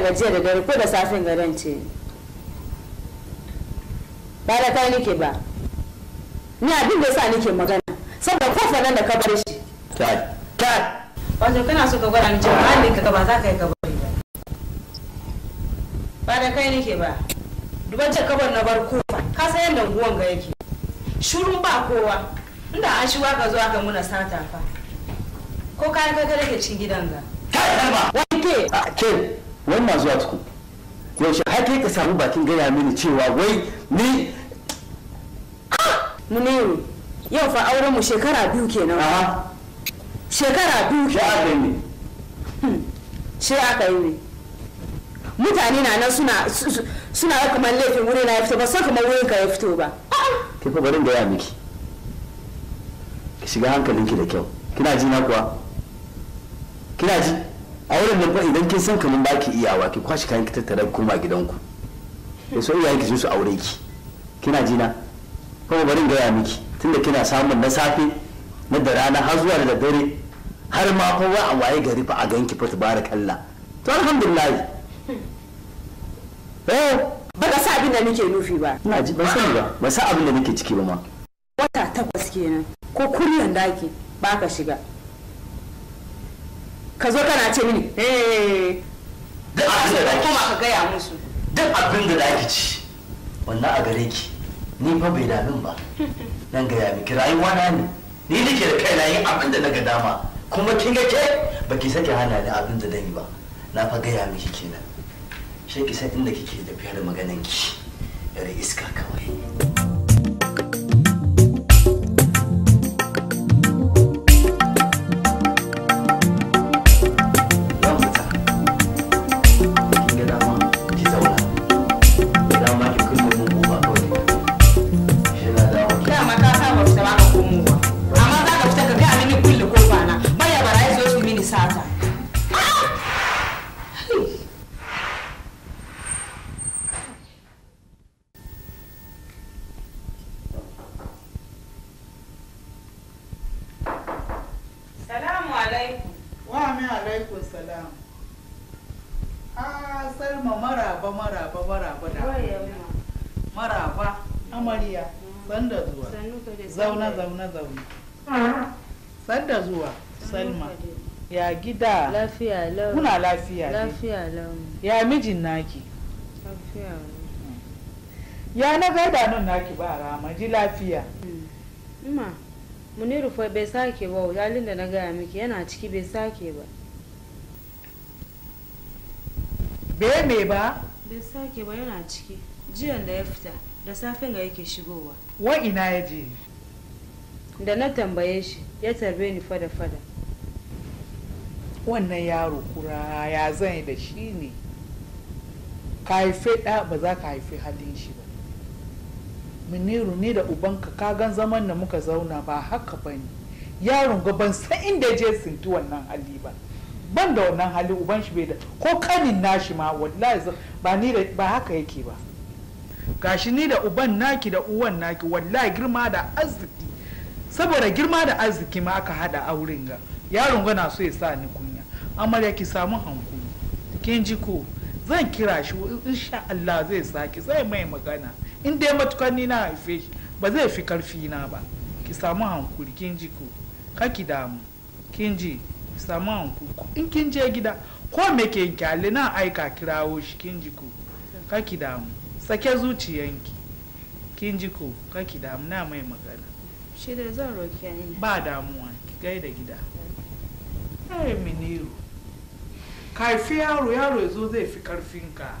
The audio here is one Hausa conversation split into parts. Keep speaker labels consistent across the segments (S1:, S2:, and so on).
S1: daga jiya da dare ko da safin garin ce ba da kai nike ba ni abin da sa nike magana saboda ko fadan da ka bar shi ta ta wato kana so ka gwada ni cewa halin ka ba za ka yi ka bari ba ba da kai nike ba duba ce kabar na bar kofa ka san yadda guwan ga yake shurun ba kowa inda an shiwa ka zuwa aka muna sata fa ko kayan kai ka rike cin gidan ga
S2: kai ba wanke a ke bari masu zuwa tuku yaushe har kai ka samu bakin gaya mini cewa wai ni muniru yau fa auren mu shekara biyu kenan a
S1: shekara biyu ke aka yi ne hmm. aka yi ne mutane na nan suna suna kamar laifin wuri na ya fito ba sai kamar wurin ka ya fito ba
S2: ke fa barin gaya miki ki shiga hankalinki da kyau kina ji na kuwa kina ji a wurin nan ba idan kin san kaman ba ki iyawa ki kwashi kayan ki tattara ki koma gidanku ya so iyayen ki su aure ki kina jina kuma barin gaya miki tunda kina samun na safe na da rana har zuwa da dare har ma kowa a waye gari fa a ganki fa tabarakallah to alhamdulillah eh ba ka sa abin da nake nufi ba ina ji ban sani ba ba sa abin da nake ciki ba ma
S1: wata takwas kenan ko kuryan daki ba ka
S2: shiga ka zo kana ce mini eh duk abin da kuma ka gaya musu duk zaki ci wannan a gare ki ni fa bai damin ba nan gaya miki rayuwa na ne ni nake da kaina yin abin da na ga dama kuma kin ga ke baki sake hana da abin da dan yi ba na fa gaya miki kenan shi ki san inda kike da fiyar maganan ki yare iska kawai
S3: da zuwa salma ya gida lafiya lau muna lafiya lafiya lau ya mijin naki lafiya ya na gaida nun naki ba rama ji lafiya
S1: hmm. ma muniru fa bai sake ba yalin da na gaya miki yana ciki bai sake ba
S3: bai me ba
S1: bai sake ba yana ciki jiyan da ya fita da safin ga yake shigowa wa ina ya je da na tambaye shi ya tarbe ni
S3: fada-fada wannan yaro kura ya zai da shi ne ka haife ɗa ba za ka haife halin shi ba miniru ni da ubanka kagan zaman da muka zauna ba haka ba ne yaron ga ban san inda je sinti wannan hali ba ban da wannan hali uban shi bai da ko kanin nashi ma wallahi ba ni da ba haka yake ba gashi ni da uban naki da uwan naki wallahi girma da arziki saboda girma da arziki ma aka hada auren ga yaron gana so ya sa ni kunya amarya ki samu hankuli kin ji ko zan kira shi insha Allah zai saki zai mai magana in dai matukan ni na haife shi ba zai fi karfi na ba ki samu hankuli kin ji ko kaki damu kin ji ki samu hankuli in kin je gida ko me ke kyale na aika kirawo shi kin ji ko kaki damu sake zuciyanki kin ji ko kaki damu na mai magana
S1: shi da zan roki yayin
S3: ba damuwa ki gaida gida yare miniru ka fi yaro yaro yazo zai fi karfin ka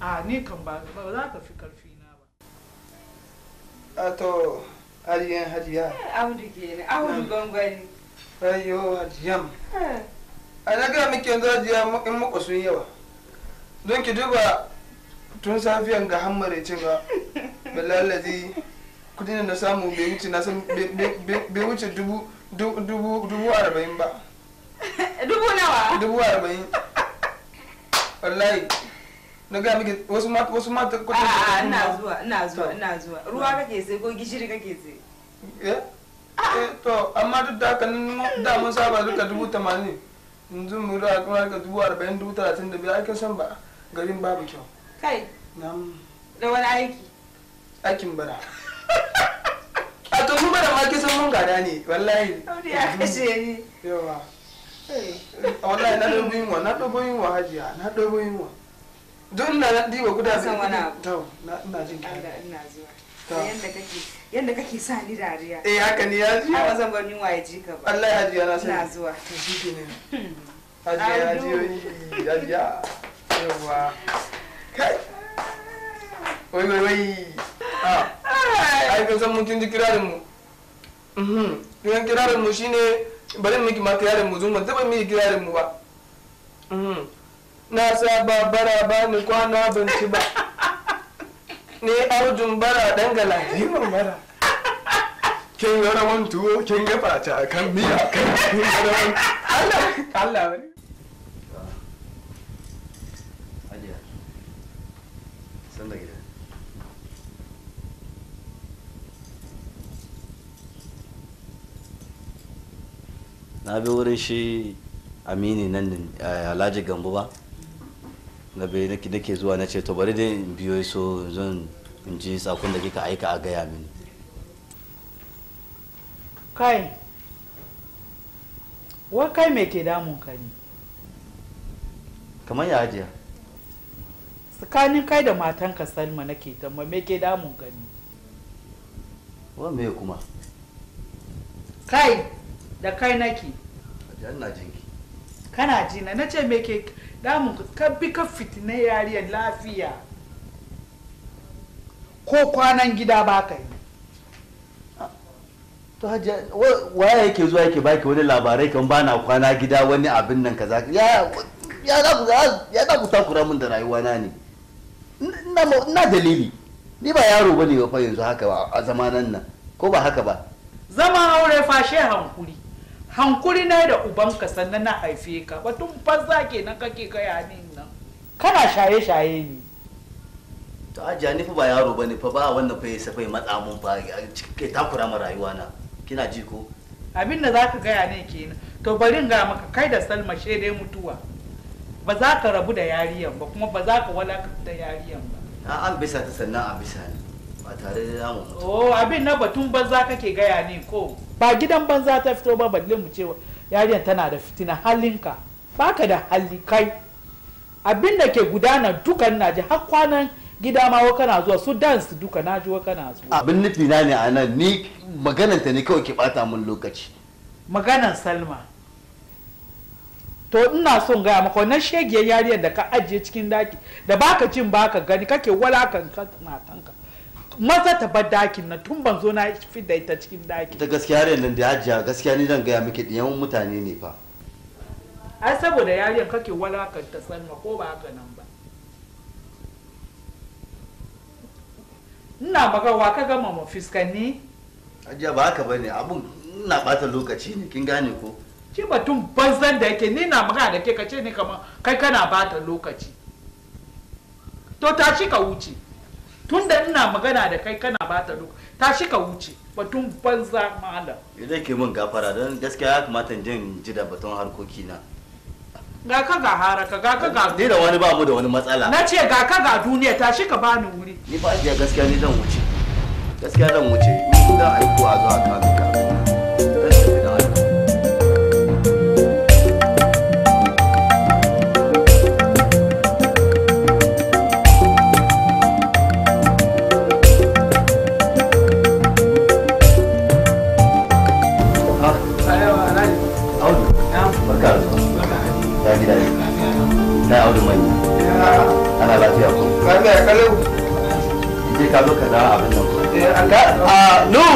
S3: a ni kan ba za ka fi karfi na
S4: ba a to ariyan hajiya eh, audu ke ne audu gwangwani ayo hajiyan eh. a na gaya miki yanzu hajiya in muku sun yawa don ki duba tun safiyan ga hammarecin ga bilalazi kudin da na samu bai wuce na bai wuce dubu arba'in ba dubu nawa dubu arba'in wallahi na ga miki wasu mata wasu mata kudin a ina zuwa ina zuwa ina zuwa ruwa kake sai ko gishiri kake sai eh, eh to amma duk da kan da mun saba duka dubu tamanin yanzu mu da kuma duka dubu arba'in dubu talatin da biyar aikin san ba garin babu kyau kai da wani aiki aikin bara a to bara ma kisan mun gada ne wallahi
S5: aure ya kashe
S4: ni yawa wallahi na yin wa na hajiya na guda biyu wani abu ina jin ina zuwa
S1: yanda kake kake sa ni dariya eh ya zan bar ni waye
S4: ji ba wallahi hajiya na ina yawa wai wai wai ai ka san mutum ji kirarin mu mm-hmm. kiran kirarin mu shine bari miki ma kirarin mu zuma taba miki kirarin mu ba mm-hmm. na sa bara ba ni kwana ban ci ba ne arjun bara dangala jiwon bara kin yi rawan tuwo kin yi fata kan miya kan Allah Allah
S2: na bi wurin shi amini nan eh, alhaji gambo ba na bai nake zuwa na ce to bari dai in biyo so zan in ji sakon da kika aika a gaya mini
S3: kai Wa kai me ke damun ka ne kamar ya hajiya tsakanin kai da matanka salma nake ma me ke damun ka ne
S2: wa me kuma
S3: kai da kai nake jinki kana jina na ce me ke damun ka bi ka fitina yariyar lafiya ko kwanan gida ba ka yi
S2: ah. to waya yake zuwa yake baki wani labarai kan bana kwana gida wani abin nan kaza ya ya za ku ya ku takura min da rayuwa na ne ina dalili ni ba yaro bane ba fa yanzu haka ba a zamanan nan ko ba haka ba
S3: zama aure fashe hankuri hankuri na da ubanka sannan na haife ka batun ke na kake gaya ni nan
S2: kana shaye shaye ne to ajiya ni fa ba yaro bane fa ba wannan fa yasa fa matsa mun fa ke takura ma rayuwa na kina ji ko abin
S3: da zaka gaya ne kenan to bari ga maka kai da Salma dai mutuwa ba za ka rabu da yariyan ba kuma ba za ka da yariyan
S2: ba a an bisa ta sannan a bisa ne
S3: ba tare da namu mutu oh abin na batun banza kake gaya ne ko ba gidan banza ta fito ba balle mu cewa yarinyar tana da fitina halinka baka da hali kai abin da ke gudana dukan naji har kwanan gida ma waka kana zuwa su dance duka naji wa kana zuwa
S2: abin nufi na ne a nan ni magananta ne kawai ke bata mun lokaci
S3: maganan salma to ina son gaya maka wannan shegiyar yariyar da ka ajiye cikin daki da baka jin baka gani kake kan matanka maza ta bar dakin na tun ban zo na fi da ita cikin daki ta
S2: gaskiya ne nan da hajiya gaskiya ni zan gaya miki ɗiyan mutane ne fa
S3: ai saboda yaren kake walakanta tsanma ko ba haka nan ba ina magawa ka gama mu fiskanni
S2: hajiya ba haka bane abun ina bata lokaci ne kin gane ko
S3: ki batun banzan da yake ni na magana da ke kace ne kamar kai kana bata lokaci to tashi ka wuce tun da ina magana da kai kana bata duk ta shi ka wuce batun banza malam
S2: zai ke min gafara don gaskiya ya kamata jin ji da batun harkoki na
S3: ga ka ga haraka ga ka ga ni da wani
S2: ba mu da wani matsala na ce
S3: ga ka ga duniya ta shi ka bani wuri ni
S2: ba gaskiya ni zan wuce gaskiya zan wuce ni da aiko a zo a kanu kafin lafiya kalau je ka zo ka
S4: da abin nan no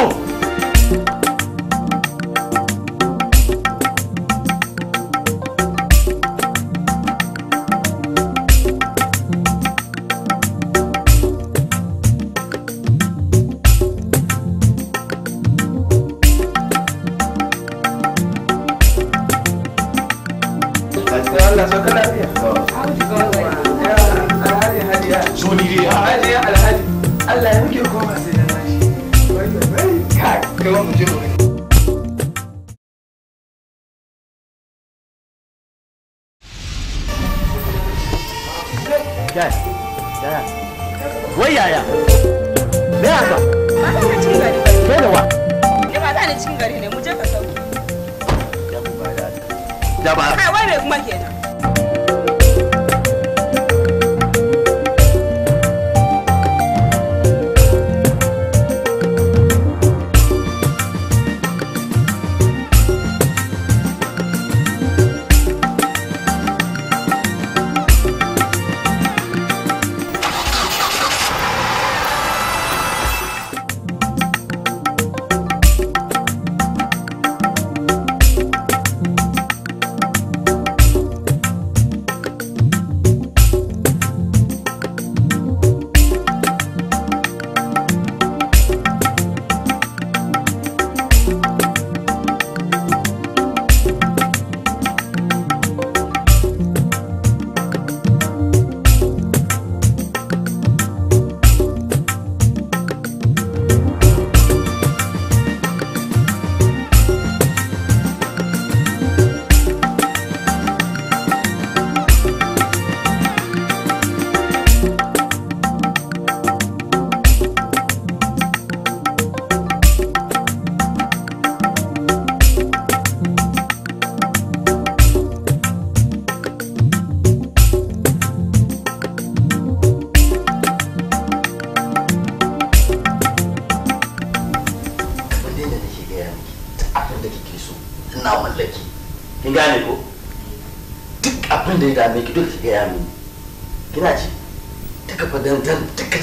S2: Yaya, yaya, wai yaya, me haka?
S1: Mata ta cikin gari. Kai da wa? Ni mata na cikin gari ne, mu je ka sauki.
S2: Ya ba. Kai wai me kuma kenan?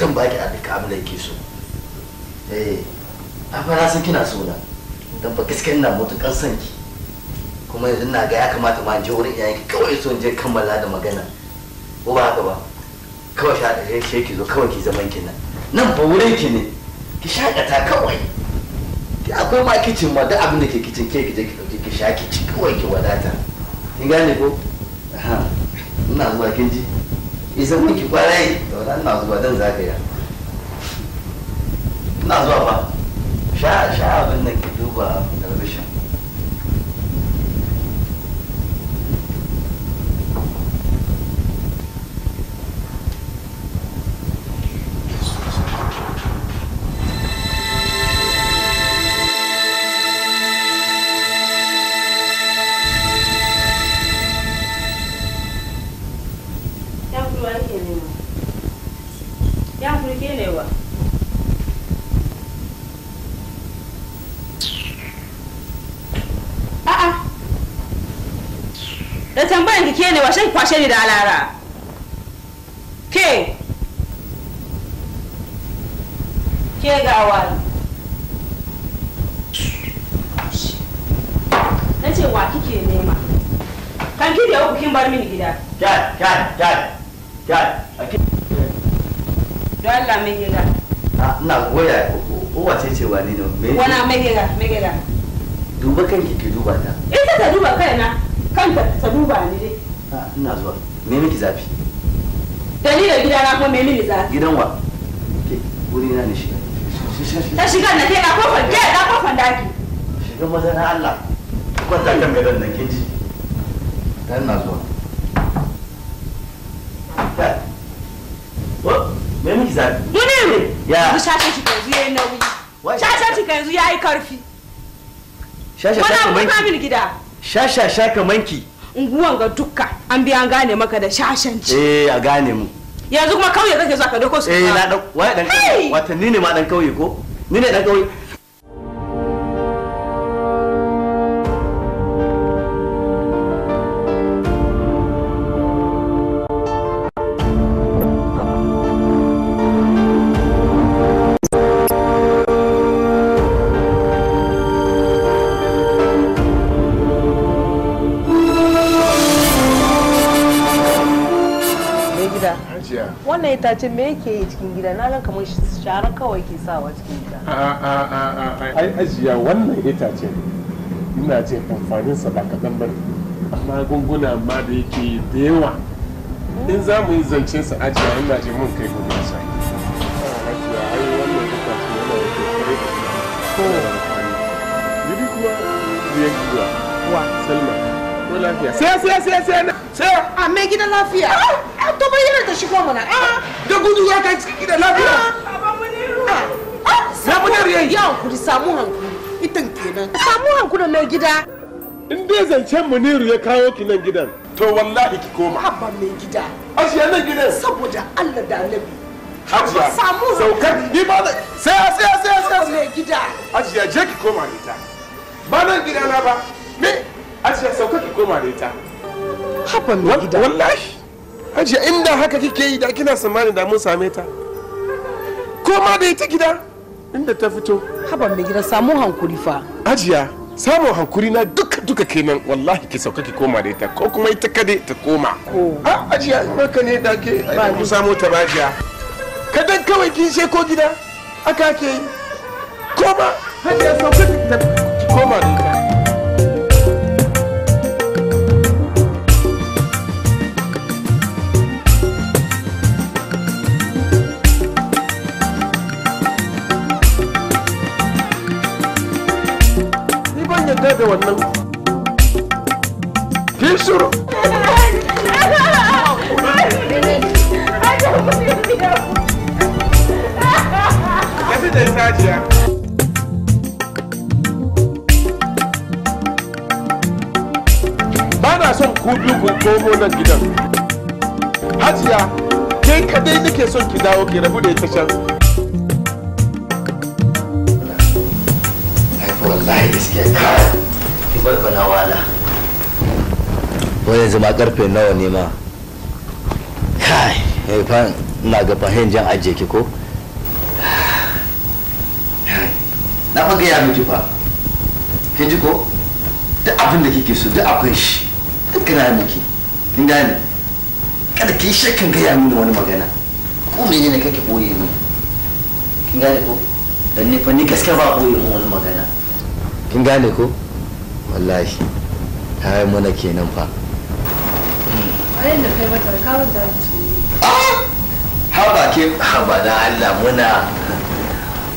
S2: zan baki a duka abin da yake so eh a fara sun kina so na dan ba gaskiya ina mutukar son ki kuma yanzu ina ga ya kamata ma je wurin iyayen ki kawai so in je kammala da magana ko ba haka ba kawai sha da shi ki zo kawai ki zaman ki nan nan ba wurin ki ne ki shakata kawai ki akwai ma kicin ma duk abin da ke kicin ke ki je ki dauke ki sha ki kawai ki wadata kin gane ko ina zuwa kin ji isa miki kwarai da wadda ina zuwa zan zagaya ina zuwa ba sha abin da ke duba
S1: kwashe ni da alara
S3: ke ke ga gawa
S1: na ce wa kike nema kan ki da kin bar mini gida kyar kyar
S2: kyar kyar don Allah mai gida na goya ko wace ce ce wani ne wana
S1: mai gida mai gida
S2: duba kanki ki duba ta ita ta duba kai na kanta ta duba ni dai ina zuwa me miki zafi dalilin gida na ko me mini zafi gidan wa ke wuri na ne shiga ta shiga na kai na kofar ke na kofar daki shiga maza na Allah kwanta kan gadon nan Ta ina dan na zuwa me miki zafi ne. ya shashe shi kanzu yayi nauyi shashe shi kanzu yayi karfi shashe shashe manki shashe shashe manki
S1: unguwan ga dukka an biya an gane maka da shashanci
S2: eh a gane mu yanzu
S1: kuma kauye kake zuwa
S2: ka dako su eh na dan wai dan watanni ne ma dan kauye ko ni ne dan kauye
S1: itace me yake yi cikin gida na gan kamar shara kawai ke
S6: sawa cikin gida ai ajiya wannan itace ina ce amfanin sa ba kaɗan bane amma gunguna ma da yake da yawa in za mu yi zancen sa ajiya ina je mun kai a sa ai wannan itace yana da kokare da kuma yi kuwa sai, sai, sai, sai, sai, sai, sai sai sai sai sai a sai, sai, sai, sai, sai,
S3: ta sai, sai, a da gudu ya kai ciki da lafiya
S1: ah,
S6: labunar yayi ya hankuri samu hankuri itin kenan samu hankuri mai gida in dai zancen muniru ya kawo ki nan gidan to wallahi ki koma haba mai gida ashe nan gidan saboda Allah da annabi Hajiya, samu saukar ni ba da sai a sai a sai a sai mai gida. Hajiya je ki koma da ita. Ba nan gida na ba. Me? Hajiya saukar ki koma da ita. Haba mai gida. Wallahi. hajiya inda haka kike yi da kina tsammanin da mun same ta ko ma da ita gida inda ta fito haban mai gida samu hankuri fa hajiya samun hankuri na duka duka kenan wallahi ki sauka ki koma da ita ko kuma ita kade ta koma a hajiya maka ne da ke mu samu ta bajiya dan kawai kin she ko gida aka ke yi koma hajiya sauka ki koma da da wannan ki ba son ku ku komo nan gidan hajiya kai kadai nake son ki dawo ki rabu da ita can
S2: barbana wala wani zama karfe nawa ne ma kai haifan eh, na ga fahin jan ajiye ki ko na fa gaya miki fa kin ji ko duk abin da kike so duk akwai shi duk kana miki kin gane kada ki shakkan gaya mini wani magana ko mene ne kake boye ni kin gane ko dan ne fa ni gaskiya ba boye mu wani magana kin gane ko wallahi ta yi mana kenan fa ah! haba ke haba da allah muna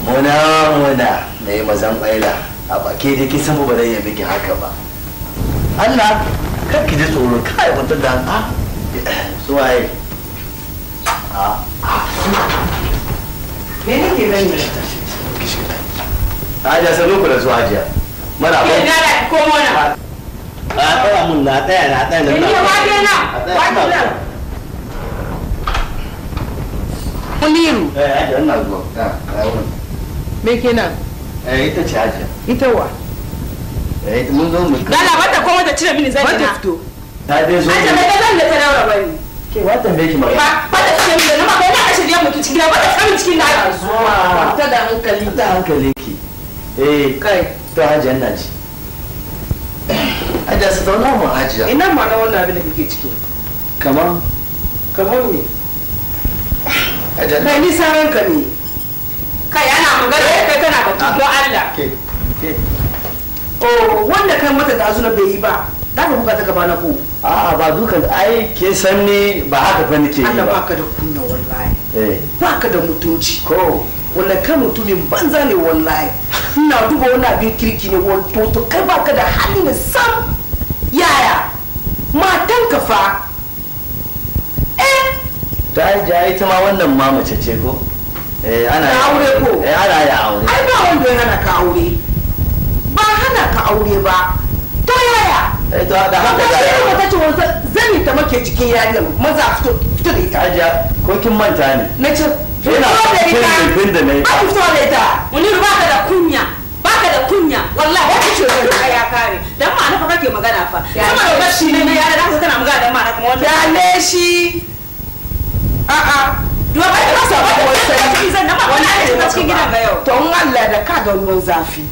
S2: muna muna na yi mazan baila haba ke da ke san ba zai miki haka ba allah kar ki ji tsoro kai mutum da a ah. suwaye a ah,
S1: me nake gani da
S2: ta shi ta hajiya sai lokacin su mana ba ina
S1: da ko mona
S2: a tsaya mun na tsaya na tsaya na na Eh, zuwa. Me Eh, ita ce Ita wa? Eh, mun zo mu. Dala ta
S1: cire mini zai na. fito.
S2: Ta dai zo. Ajiyar da ta daura bane. Ke magana. Ba, ba ta cire mini
S1: da mutu cikin ba ta samu cikin da. Zuwa. Ta da
S2: hankali. Ta hankali ki. Eh. Kai. to hajiyar na ji
S3: hajiya su zauna mun hajiya ina ma na wannan abin da kake ciki kamar kamar me hajiya na ni saran ka ne kai ana magana da kai kana batu don ah, Allah o oh, wanda kai mata da azuna bai yi ba da ka buga ta gaba na ko a ba dukan ai ke san ne ba haka fa nake yi ba Allah baka da kunna wallahi eh. baka da mutunci ko Wannan kan mutumin banza ne wallahi ina duba wani abin kirki ne wani toto kai baka da hali ne sam yaya matan ka fa
S2: eh ta yi jayi ta ma wannan ma mace ce ko eh ana ya aure ko eh ana ya aure ai ba wanda
S3: ya hana ka aure ba hana ka aure ba to yaya eh to da haka da ya ta ce wanda zan
S2: ta make cikin yariyar maza fito fito da ita ko kin manta ne na ce fito da ita a fito da ita ba ka da kunya
S1: ka da kunya wallahi wata ce wani ya
S5: kare dan ma na fa
S1: kake magana fa sama da bashi ne na yara da kana magana dan ma na kuma wanda
S5: shi
S3: a a duwa ba ta sa ba wani zan da ma wani ne cikin gidan ba yau to Allah da ka da ruwan zafi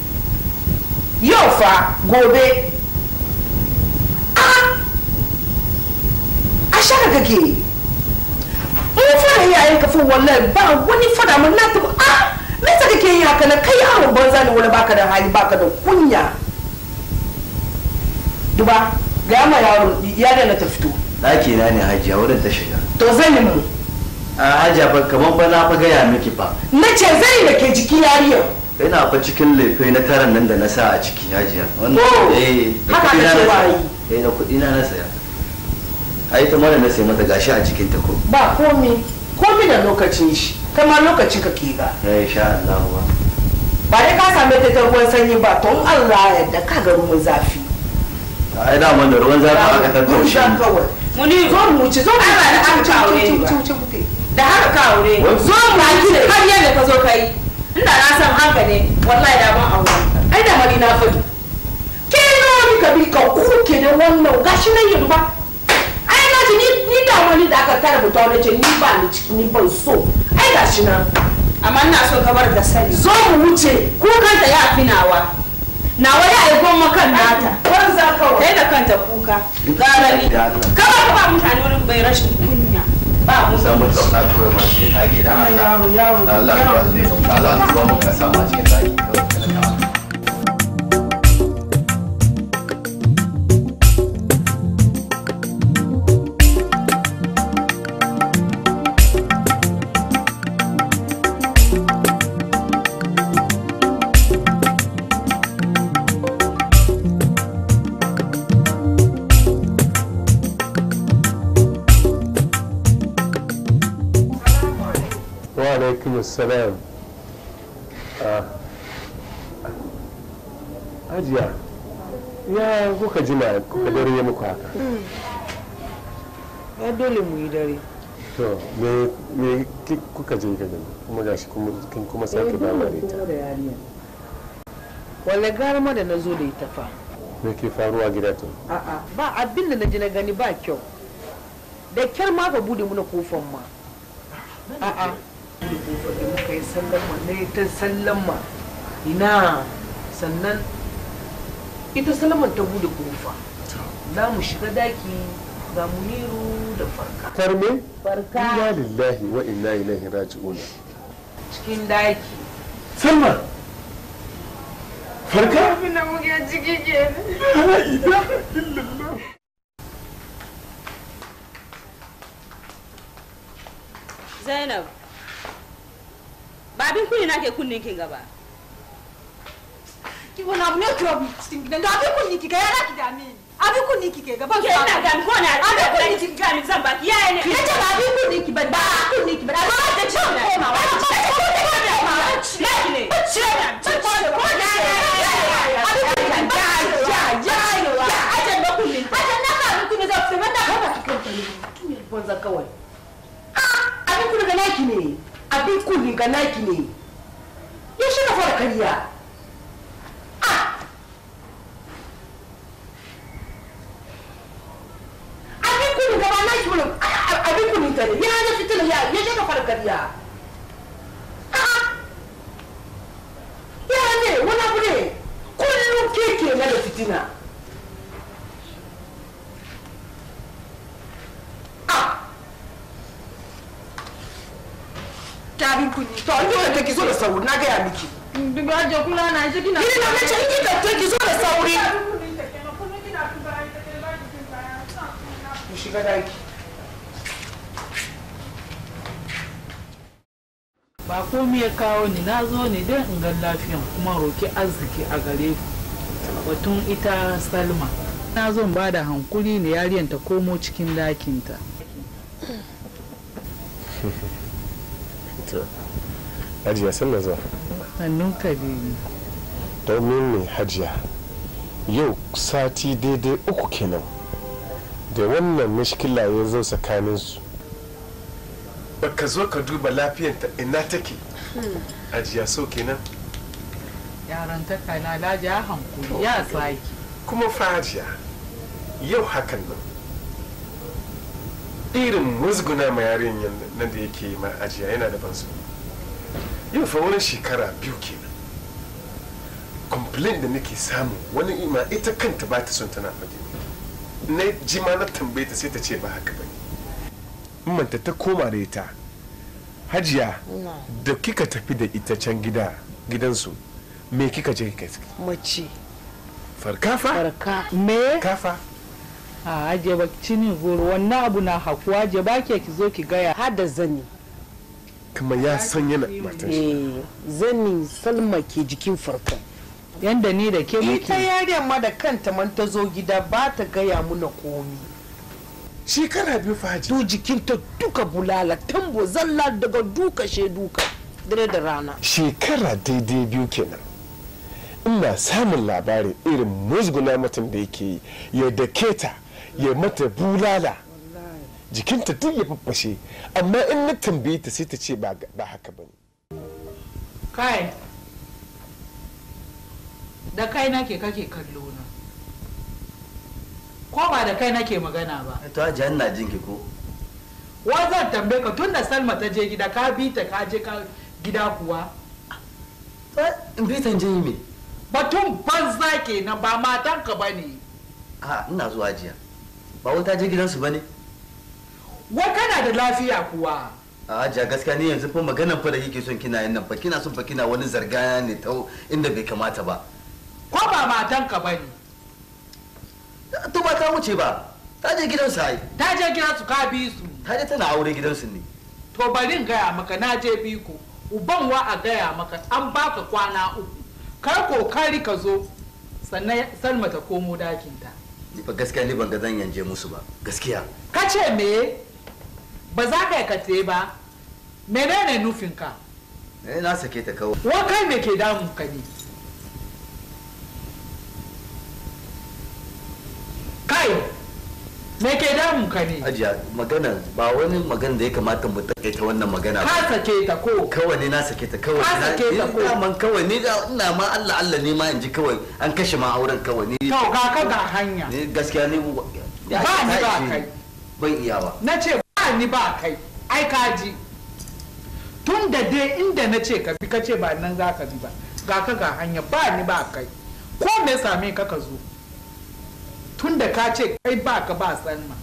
S3: yau fa gobe a a shaka kake
S1: in fara iyayen ka fin wallahi ba wani fada mun na tabu a ah, me ta
S3: kake yi haka na kai yaron banza ne wani baka da hali baka da kunya duba ga ma yaro yaron na ta fito
S2: daki na ne hajiya wurin ta shiga
S3: to zai zan mu
S2: a hajiya ba kaman ba na fa gaya miki fa
S3: na ce zai da ke jiki yariyar
S2: ina fa cikin lefe na taran nan da na sa a ciki hajiya wannan oh, eh
S3: haka ka ba
S2: yi eh da kuɗi na na saya ai ta mara na sai mata gashi a cikin ta ko
S3: ba komi komi da lokacin shi kamar lokacin ka ke ga
S2: ya sha Allah
S3: ba ba dai ka same ta ta ruwan sanyi ba to Allah ya da ka ga ruwan zafi
S2: ai da man da ruwan zafi aka tantar shi muni zo mu ci zo mu an
S1: ta aure ba.
S2: da har ka aure zo mu da har yadda ka
S1: zo kai
S4: inda na san haka
S1: ne wallahi da ban aure ai da mari na fadi
S5: ke nawa
S1: ka bi ka kuke da wannan gashi nan yin ba ji ni ni da wani da aka tara mutum wani ce ni ba ni ciki ni ban so ai ga shi nan amma ina so ka bar da sani zo mu wuce kanta ya fi nawa nawa ya yi goma kan nata ban za ka wa da kanta kuka
S2: gara
S1: ka ba mutane wurin bai rashin kunya
S4: ba
S2: mu san mu tsafta tuwa ma shi ta gida Allah Allah Allah Allah Allah Allah Allah Allah Allah Allah
S6: salam ah. hajiya ya kuka kuka dare ya muku haka
S1: dole mu yi dare
S6: to me kuka je ka gani kuma gashi kin kuma sake ita
S3: eh, wala garma da na zo da ita fa
S6: me ke faruwa gida to
S3: a'a ba na ji na gani ba kyau da kyar ma ka bude muna kofan ma a'a da muka yi sallama ta ina sannan ita ta bude kofa za mu shiga daki ga muniru da farka
S6: tarme farka inna lillahi wa inna ilaihi raji'un
S3: cikin daki
S6: salma farka abin
S4: da muke ciki
S1: Zainab ba abin kuni na ke kunnin kin gaba ki wani abu ne ki cikin gidan da abin kunni ki ga yara ki da mini abin kunni ki ke gaba ki yi na mi ko na abin kunni ki ga zan ba ki yaya ne kace ba abin kunni ki ba ba kunni ki ba ba da ce ko ma ba ce ko da ko da ma ne ne ce da ce ko da ko da abin kunni ba ya ya ya ajan na kunni ajan na ka abin kunni za ku sai wanda ba ba ki kunni tun ya bonza kawai a abin kunni ga naki ne abin kullum ga naki ne ya shiga fara kariya ah! abin kullum ga ba naki wurin ah, abin kullum ta ne ya na fitina ya ya shiga fara kariya ah! ya ne wani abu ne kullum keke na da fitina
S3: ta
S4: bin to an dole ta zo da sauri na gaya miki duba je kula na ji kina ni na mace ki ka ta zo da sauri ki shiga daki
S3: ba komai ya kawo ni na zo ne don in ga lafiyan kuma roki arziki a gare ku batun ita salma na zo ba da hankuli ne yariyan ta komo cikin dakinta
S6: to hajiya san na zuwa hannunka ne domin ne hajiya yau sati daidai uku kenan da wannan mishkila ya zo tsakanin tsakaninsu baka zo ka duba ta ina take hmm. Hajiya so kenan
S3: yaran ta kana laja
S6: hankuli ya tsaki kuma fa Hajiya. yau hakan nan irin musguna mai yarin nan da yake yi ma ajiya yana da ban yau fa wani shekara biyu kenan complain da nake samu wani ima ita kanta ba ta son tana faɗi na ji ma na tambaye ta sai ta ce ba haka ba ne manta ta koma da ita hajiya da kika tafi da ita can gida gidansu me kika je kika mace farkafa farka
S3: kafa a ajiye ba cini goro wannan abu na hakuwa je ba ke ki zo ki gaya har da zani
S6: kamar ya san yana matan shi
S3: eh, zani salma ke jikin farko yanda ni da ke muke ita yaren ma da kanta man ta zo gida ba ta gaya muna komi shekara biyu fa jikin jikinta duka bulala tambo zalla daga duka she duka dare da rana
S6: shekara daidai biyu kenan ina samun labarin irin musguna mutum da yake yi ya dake ta ya mata bulala jikinta duk ya faffashe amma in na tambaye ta sai ta ce ba haka ba ne
S3: kai da kai ke kake kallo na ko ba da kai na ke magana ba
S2: to ajiya na jinki ko
S3: zan tambaye ka tun da salma ta je gida ka bi ta ka je ka gida kuwa in bi ta je me batun banza na ba matanka bane
S2: a ina zuwa jiya ba wai ta je gidansu ba ne
S3: wai kana da lafiya kuwa
S2: a ajiya gaskiya ne yanzu fa maganan fa da kike son kina yin nan fa kina son fa kina wani zarga ne ta inda bai kamata ba
S3: ko ba matanka ba ne
S2: to ba ta wuce ba ta je gidansu ai ta je gidansu ka bi su ta je tana aure gidansu ne
S3: to bari in gaya maka na je bi ku uban wa a gaya maka an baka kwana uku kar kokari ka zo sannan salma ta komo ta
S2: ba gaskiya ni ban ga zan yanje musu ba gaskiya
S3: kace me ba za ka kace ba menene nufin
S2: eh na sake ta kawo wa kai
S3: me ke damun ka ne
S2: kai me ke damun ka ne ajiya magana ba wani magana da ya kamata mu ta wannan magana ka sake ta ko kawai ne na sake ta kawai ka sake ta ko man kawai ne da ina ma Allah Allah ne ma in ji kawai an kashe ma auren kawai ne to ga ka ga hanya ni gaskiya ni ba ni ba kai iya ba
S3: na ce ba ni ba kai ai ka ji tun da dai inda na ce ka bi ka ce ba nan za ka bi ba ga ka ga hanya ba ni ba kai ko me same ka ka zo tun da ka ce kai ba ka ba tsanma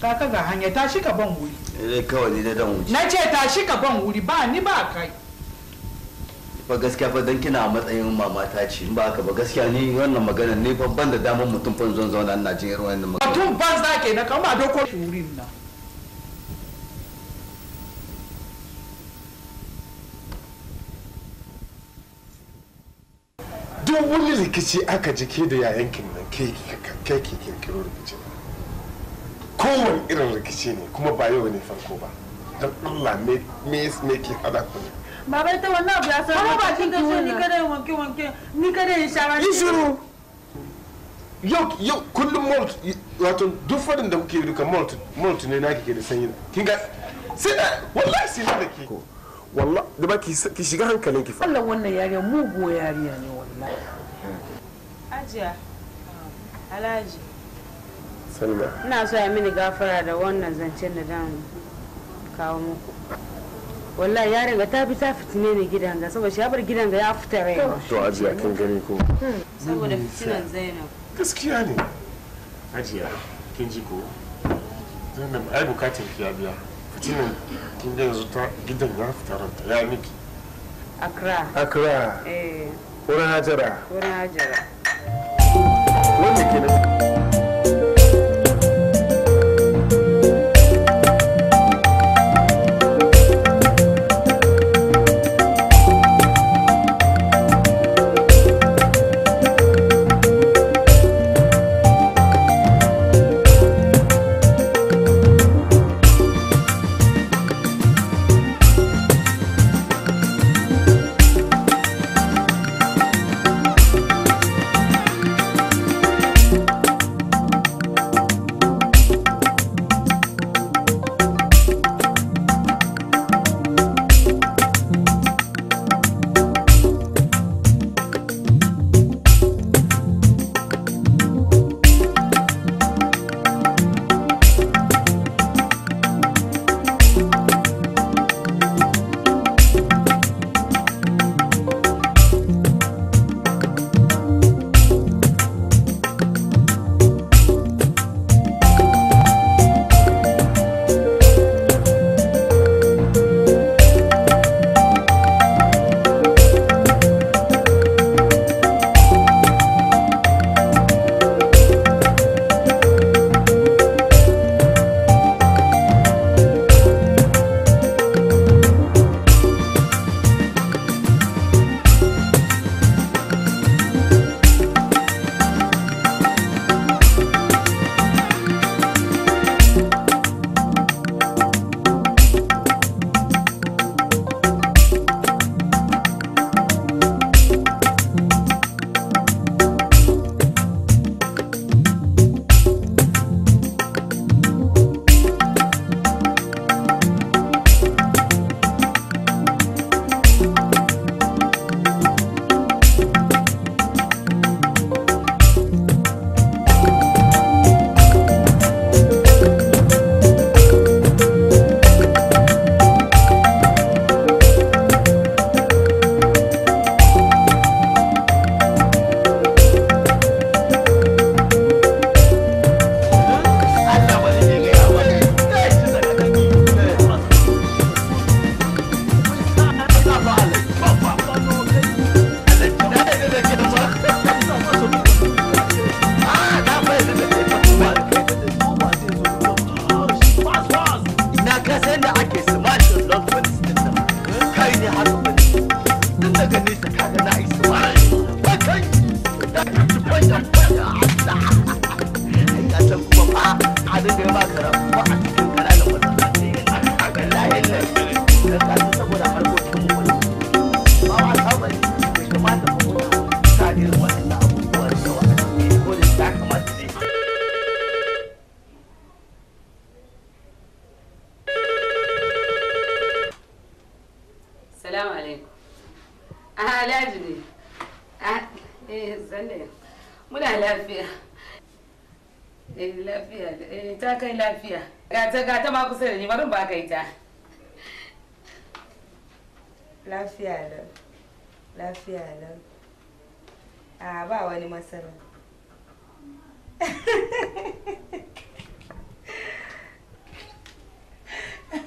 S3: ka ka ga hanya shi ka ban wuri
S2: eh kawai ne dan wuri na ce
S3: shi ka ban wuri ba ni ba kai
S2: fa gaskiya fa dan kina a matsayin mama ta ce in ba ka ba gaskiya ni wannan magana ne fa ban da damar mutum fa zon zauna ina jin irin wannan magana mutum
S3: ban za ke na kama doko shuri na
S6: duk wani rikici aka jike da yayan kin ke ke kirkiro rikici kowane irin rikici ne kuma ba yau ne farko ba don Allah me ke hada ku ne
S1: baba ita wannan abu ya san ba ba kin gashi
S4: ni kada yin wanke wanke ni kada yin shara yi shiru
S6: yau yau kullum malt wato duk fadin da kuke duka malt malt ne na ke da sanyi kin ga sai da wallahi sai da ke wallah da ba ki shiga hankalin ki fa
S3: Allah wannan yariya mugu yariya ne wallahi
S1: ajiya Alhaji. Sanda. Ina so ya mini gafara da wannan zancen da dan kawo muku. wallahi yaron ga ta bi ta fitine ne gidan ga saboda shabar gidan ga ya fita rai to
S6: ajiya kin gani ko
S1: hmm. saboda fitinan Zainab gaskiya ne
S6: ajiya kin ji ko Zainab ai bukatun ki ya biya fitinan kin ga yanzu ta gidan ya fita ta ya miki Accra Accra eh wurin Hajara
S5: wurin Hajara Let me get it.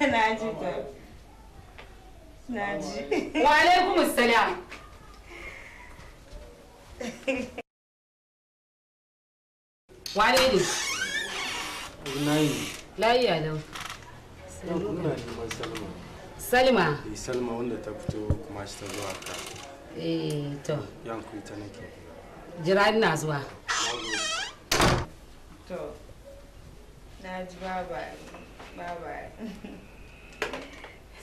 S1: naji ji ta
S5: na ji wa alaikum assalam
S1: wane ne layi layi a nan
S6: salma eh salma wanda ta fito kuma shi ta zuwa ka eh to yanku ita nake
S1: jira ina zuwa to na ji baba baba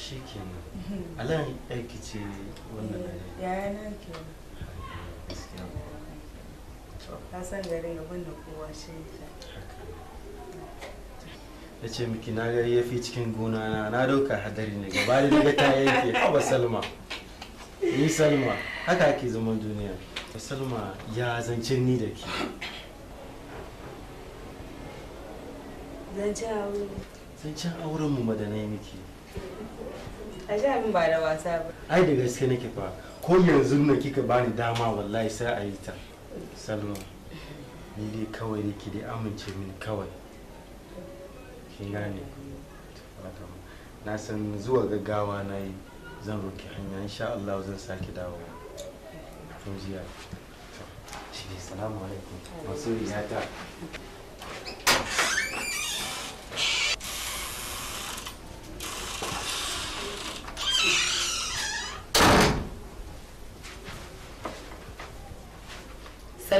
S2: shi kenan alan aiki ce wannan ne eh, yaya na ke ka san garin abin da kowa shi ya ce miki na gari ya fi cikin gona na na dauka hadari ne gaba da daga ta yanke haba salma ni salma haka ake zaman duniya salma ya zance ni da ke zancen auren mu madanai miki
S1: a ji abin ba da wasa ba
S2: ai da gaske nake fa ko yanzu na kika bani dama wallahi sai a yi ta salma ni dai kawai nake dai amince mini kawai kin gane na san zuwa gaggawa na yi zan roki hanya insha Allah zan sake dawowa to jiya shi salamu alaikum
S6: masu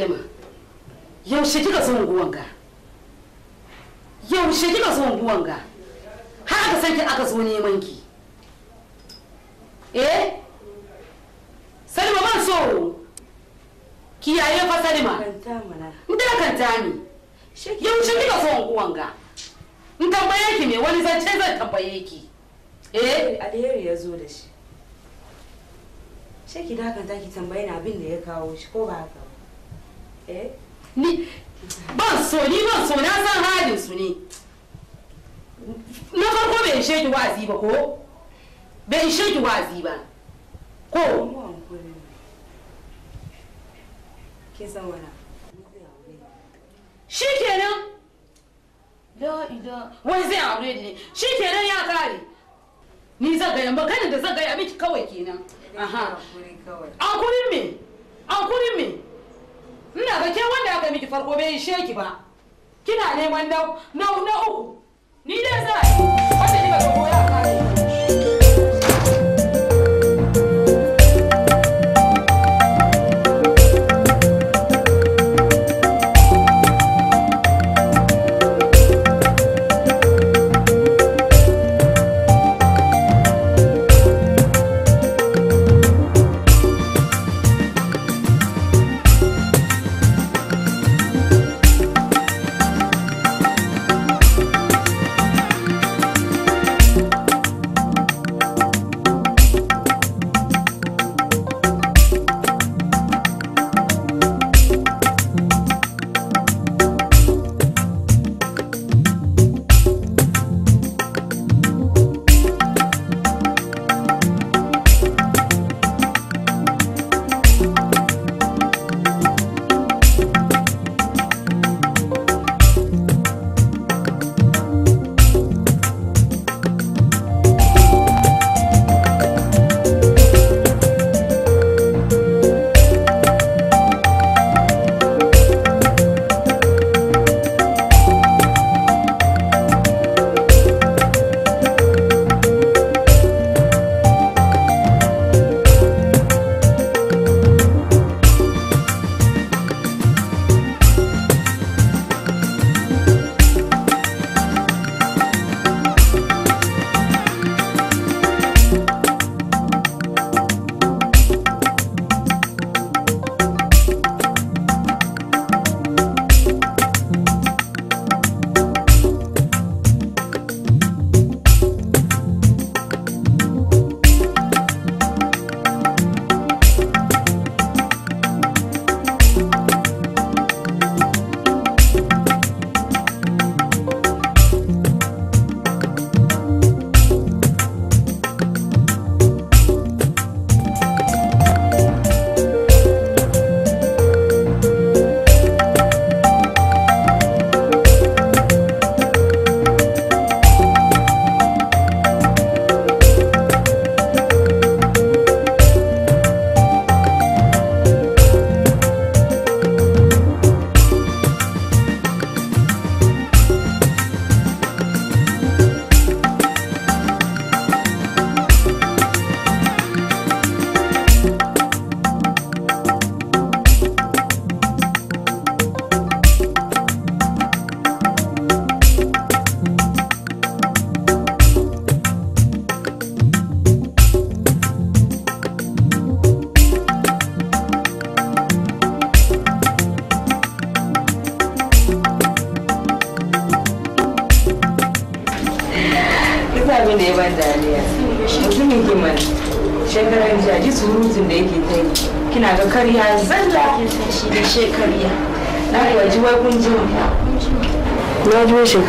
S1: Salima yaushe kika zo unguwanka? Yaushe kika zo ka Har aka sanki aka zo neman ki. Eh? Salima ban so. Kiyaye fa Salima. Kanta mana. Inda kanta ni. Yaushe kika zo unguwanka? In tambaye ki me wani zance zan tambaye ki. Eh? Alheri ya zo da shi. Sai ki dakanta ki tambayi na abin da ya kawo shi ko ba haka ba. Eh? ni ban so ni ban so na san halin su ne na farko bai ishe ki wazi ba ko bai ishe ki wazi ba ko shi kenan wai zai aure ne shi kenan ya kare ni zan gaya ba maganin da zan gaya miki kawai kenan aha an kurin me a kurin me ina ba ke wanda aka miki farko bai ishe ki ba kina neman na uku ni dai za a
S5: yi wanda kika ka koya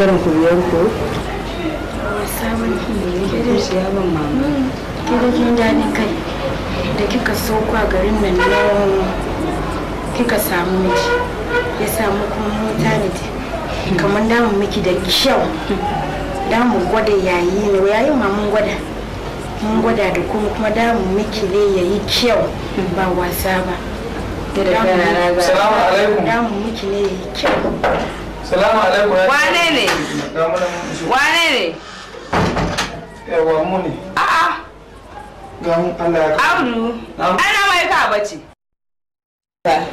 S4: shekaran ku biyar ko?
S1: sabon ne gidan shi ya ban mama gidan kin daɗi kai da kika sauko a garin nan kika samu miki ya samu kuma mortality kamar damun miki da kyau damun gwada yayi ne yayin ma mun gwada mun gwada da kuma kuma damun miki ne yayi kyau ba wasa ba damun miki
S4: ne yayi kyau
S1: salamu alaikum wane
S4: ne
S1: wane ne yawa mu ne a'a
S4: ga Allah ya abdu ana
S1: mai ka bace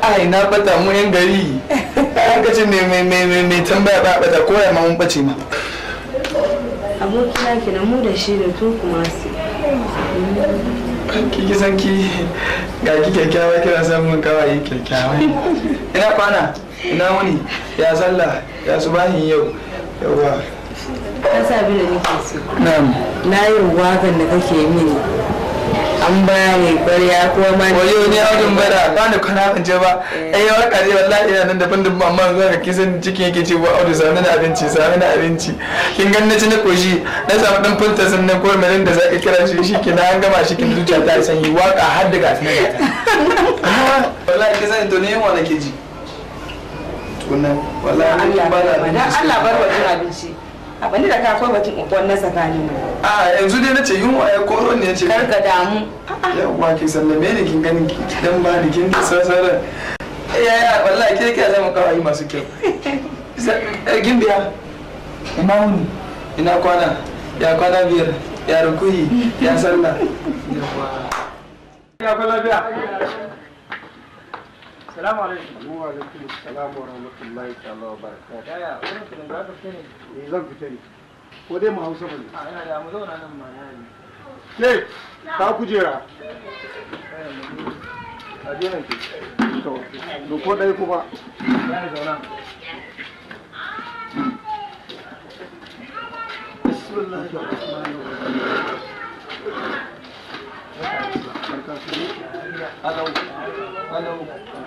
S4: ai na bata mu yan gari lokacin ne me me me mai tambaya ba bata ko ya ma mun bace ma
S1: abokina kenan mu da shi da to kuma su
S4: kiki san ki ga ki kyakkyawa kira samun kawai kyakkyawa ina kwana ina wuni ya sallah ya bahin yau yauwa ka sabi da nake so na'am yi wakan da kake mini an bani kwarya ko ma ne wayo ne audun bara ba ni kwana ban je ba eh, eh waka ne wallahi ina nan daban daban amma yanzu ka kisan cikin yake ce ba audu sami na abinci sami na abinci kin gan na ci na koshi na samu dan fanta sun na ko melin da zaka kira shi shike na an gama shi kin zuciya ta yi waka har da gasu na gata ah, wallahi kisan to ne yawa ke ji tukunna wallahi ba da
S1: abinci abin da ka koyi kokon na tsakanin mu
S4: a yanzu dai nace yunwa ya koro ne yace kar ka damu ki sallame ni kin ganin ki dan ni kin sasara ya wallahi ke ke zama kawai masu kyau eh, gimbiya kwana ya kwana biyar ya rukuyi ya sallah ya kwana biyar Assalamu alaikum. Wa alaikum assalam wa rahmatullahi eh, Ko dai mu Hausa bane. ina da mu zauna nan ma na Ke, ka kujera. A je nan ke. To, da ko kuma. Ya ni zauna. Bismillahirrahmanirrahim.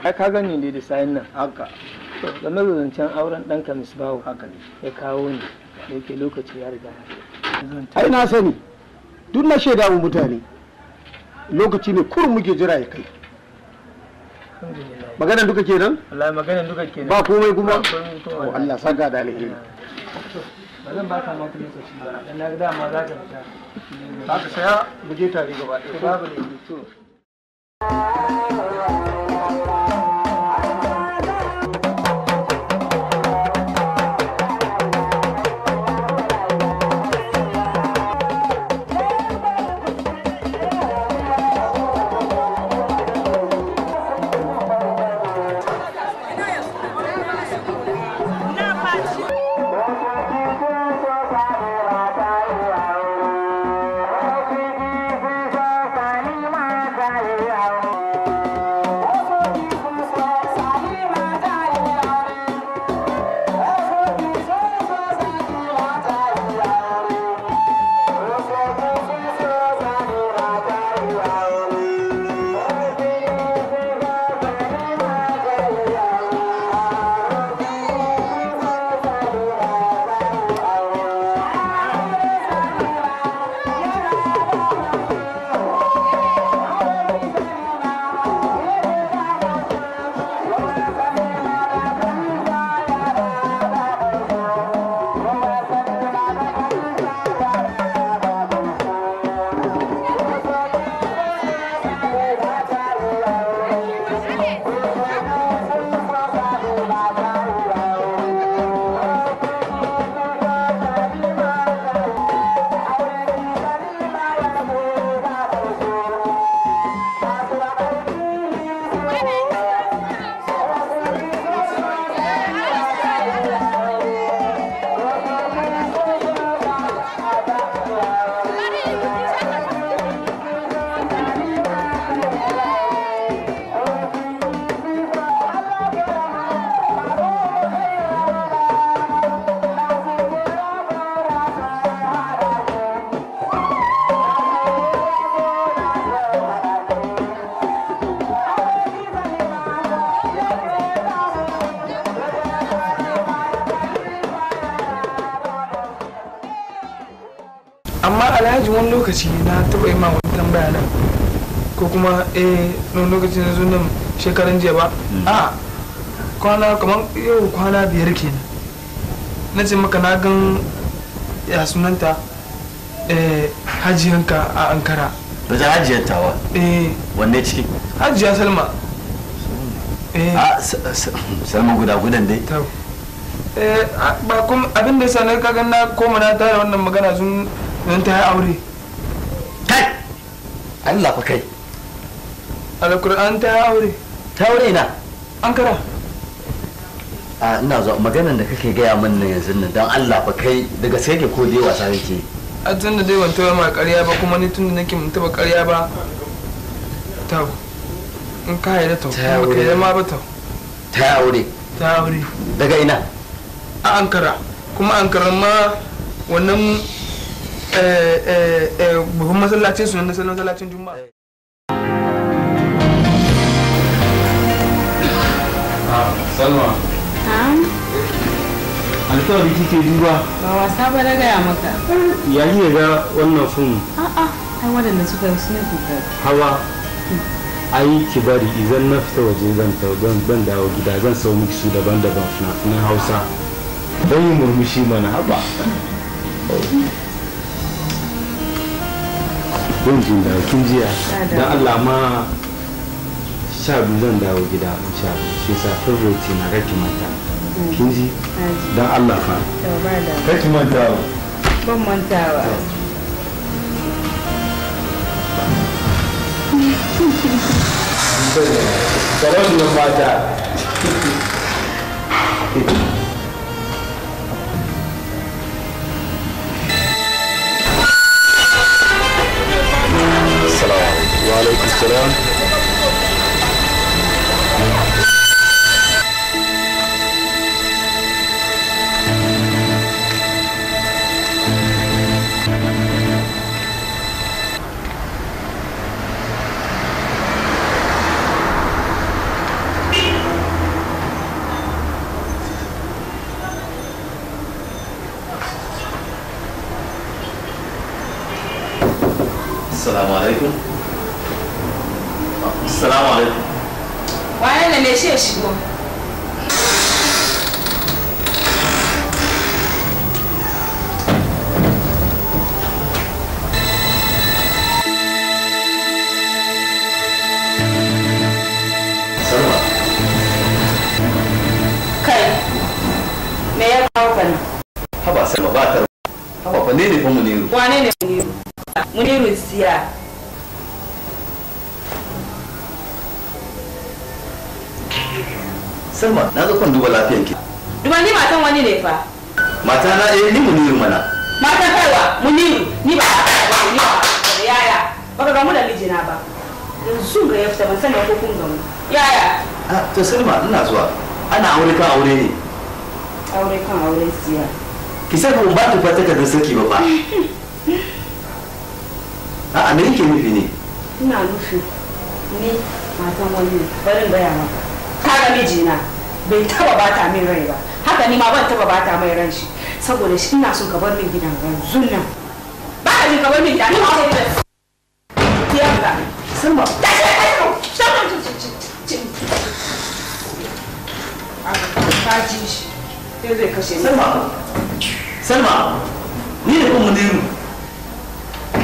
S4: ai ka gani ne da sayan nan haka game da zancen auren ɗanka misbahu haka ne ya kawo ni da yake lokaci ya riga
S6: ai na sani duk na shaida mu mutane lokaci ne kurum muke jira ya kai maganan duka kenan
S4: Allah maganan duka kenan ba komai kuma Allah
S6: saka da alheri
S4: ba zan baka ma kuɗin ba dan na ga dama za ka fita za ka saya mu je tare gaba ɗaya babu ne to lokaci na taɓa yi ma wani tambaya nan ko kuma eh, a no lokaci na nan shekaran jiya ba mm. a ah, kwana kamar yau kwana biyar kenan na ce maka na gan ya sunanta eh, hajiyanka a ankara ba ta hajiyar tawa eh. wanne ciki hajiya salma
S2: ah, salma guda gudan dai
S4: ba kuma abin da sanar kagan na koma na tare wannan magana sun ta aure Allah fa kai alkur'an ta aure ta aure na an kara
S2: a ina zo maganar da kake gaya min nan yanzu nan dan Allah fa kai daga sai ke ko dai wasa yake
S4: a tun da dai ban taba ma ƙarya ba kuma ni tun da nake mun taba ƙarya ba ta in ka haida ta ta aure ma ba ta ta aure ta aure daga ina a Ankara kuma Ankara ma wannan buhun eh, eh, eh, masallacin su na masallacin juma'a
S6: ah, salma alkawari kike duba
S1: ba wasa ba na gaya maka
S6: ya yi ga wannan fim
S1: a'a ai waɗanda suka yi suna kokari
S6: hawa ai ki bari idan na fita waje zan ban dawo gida zan sau miki su daban-daban na hausa don yi murmushi mana haba don jin da jiya don Allah ma
S2: sha biyu zan dawo gida in sha shi sa favorite na kake manta mm. kin ji don Allah fa kake mantawa
S1: ban mantawa
S4: Salon mata وعليكم السلام
S2: السلام عليكم
S1: 谢谢师傅。ki duba ni matan wani ne fa
S2: mata na eh ni muniru mana
S1: mata kaiwa muniru ni ba ba ni ba yaya baka mu da mijina ba yanzu ga yafta fita ban sani ko kun gamu yaya
S2: Ah to salma ina zuwa ana aure kan aure ne
S1: aure kan aure siya
S2: ki sai ba ba ta fata ka da saki ba fa A me yake nufi ne
S1: ina nufi ni matan wani ne barin gaya maka kaga mijina bai taba bata min rai ba haka ni ma ban taba bata mai ran shi saboda shi ina son ka bar min gidan yanzu nan ba ka jin ka bar min gidan nan sai da yalla sun ba ta ce ai ko ta ce ta ji shi
S2: sai zai kashe ni salma salma ni da ne mudiru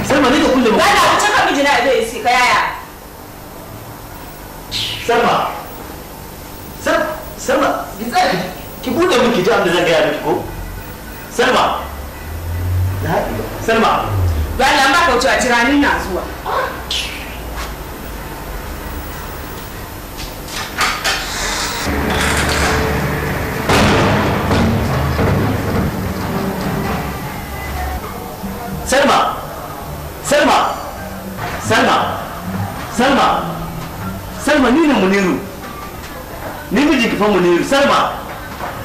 S2: salma ni da kullum ba na wuce ka mijina zai yi ka yaya salma salma salma ki tsaya ki bude miki ji abin da zan gaya miki ko salma
S1: salma ba an ba kauce a jira ni na zuwa
S2: Selma! Selma! Selma! Selma! Selma ni ne Muniru. ni miji ki famu ne salma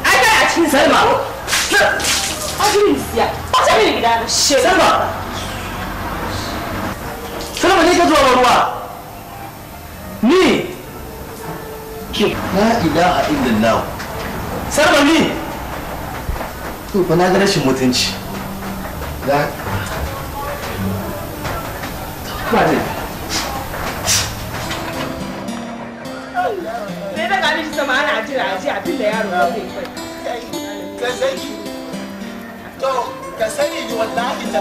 S2: ai kai a cikin salma
S1: ajirin siya ba ta mini gida she
S3: salma salma ne ka zuwa ruwa
S2: ni ki la ilaha illallah salma ni to fa na ga rashin mutunci da ba ne
S3: abin da yaro zai kai ka to ka sani da inda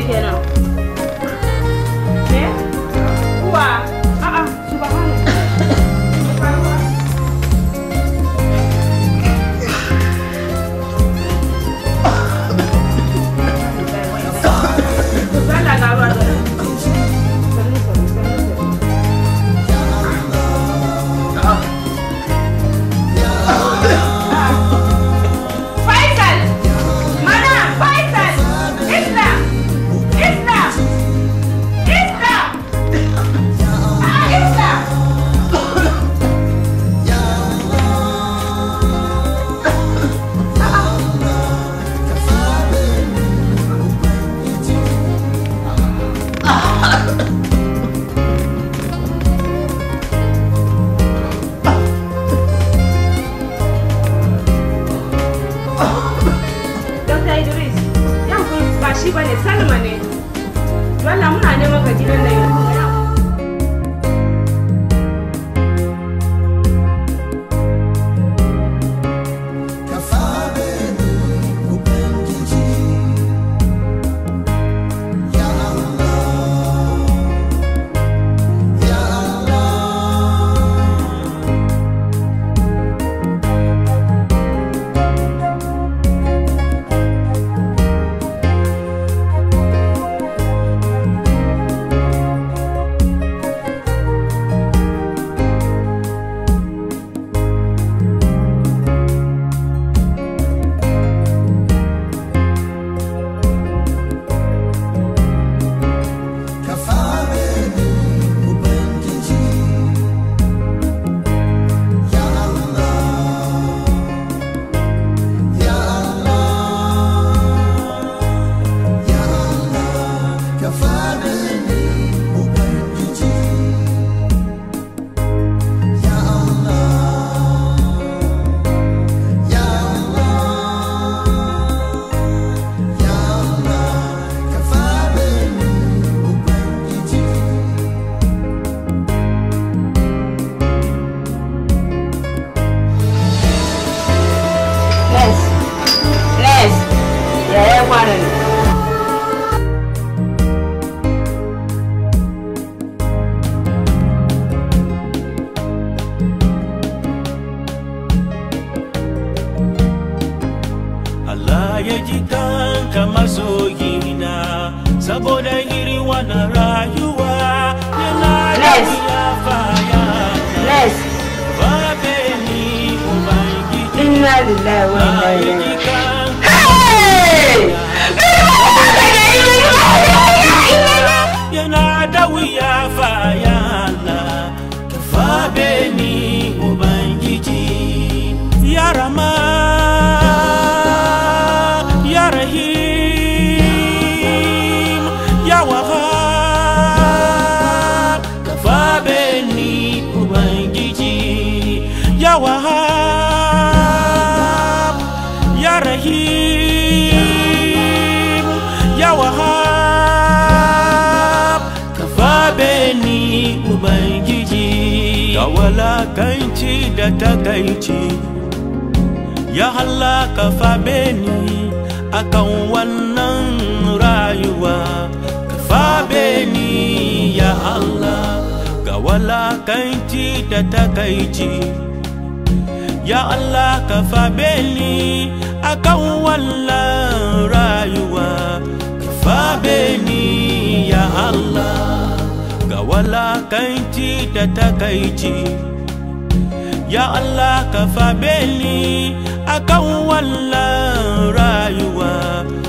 S3: take care now. da takaici ya hallaka fabe akan wannan rayuwa ka fabe ni ya Allah ga walakanci da takaici ya Allah ka fabe akan wannan rayuwa ka ya Allah ga walakanci da takaici ya Allah ka fabe ni akan wannan rayuwa